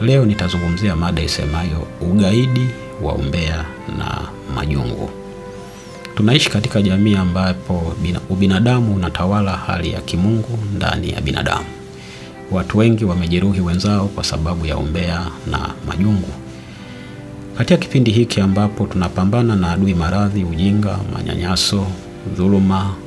Leo nitazungumzia mada isemayo ugaidi wa umbea na majungu. Tunaishi katika jamii ambapo ubinadamu unatawala hali ya kimungu ndani ya binadamu. Watu wengi wamejeruhi wenzao kwa sababu ya umbea na majungu. Katika kipindi hiki ambapo tunapambana na adui maradhi, ujinga, manyanyaso, dhuluma,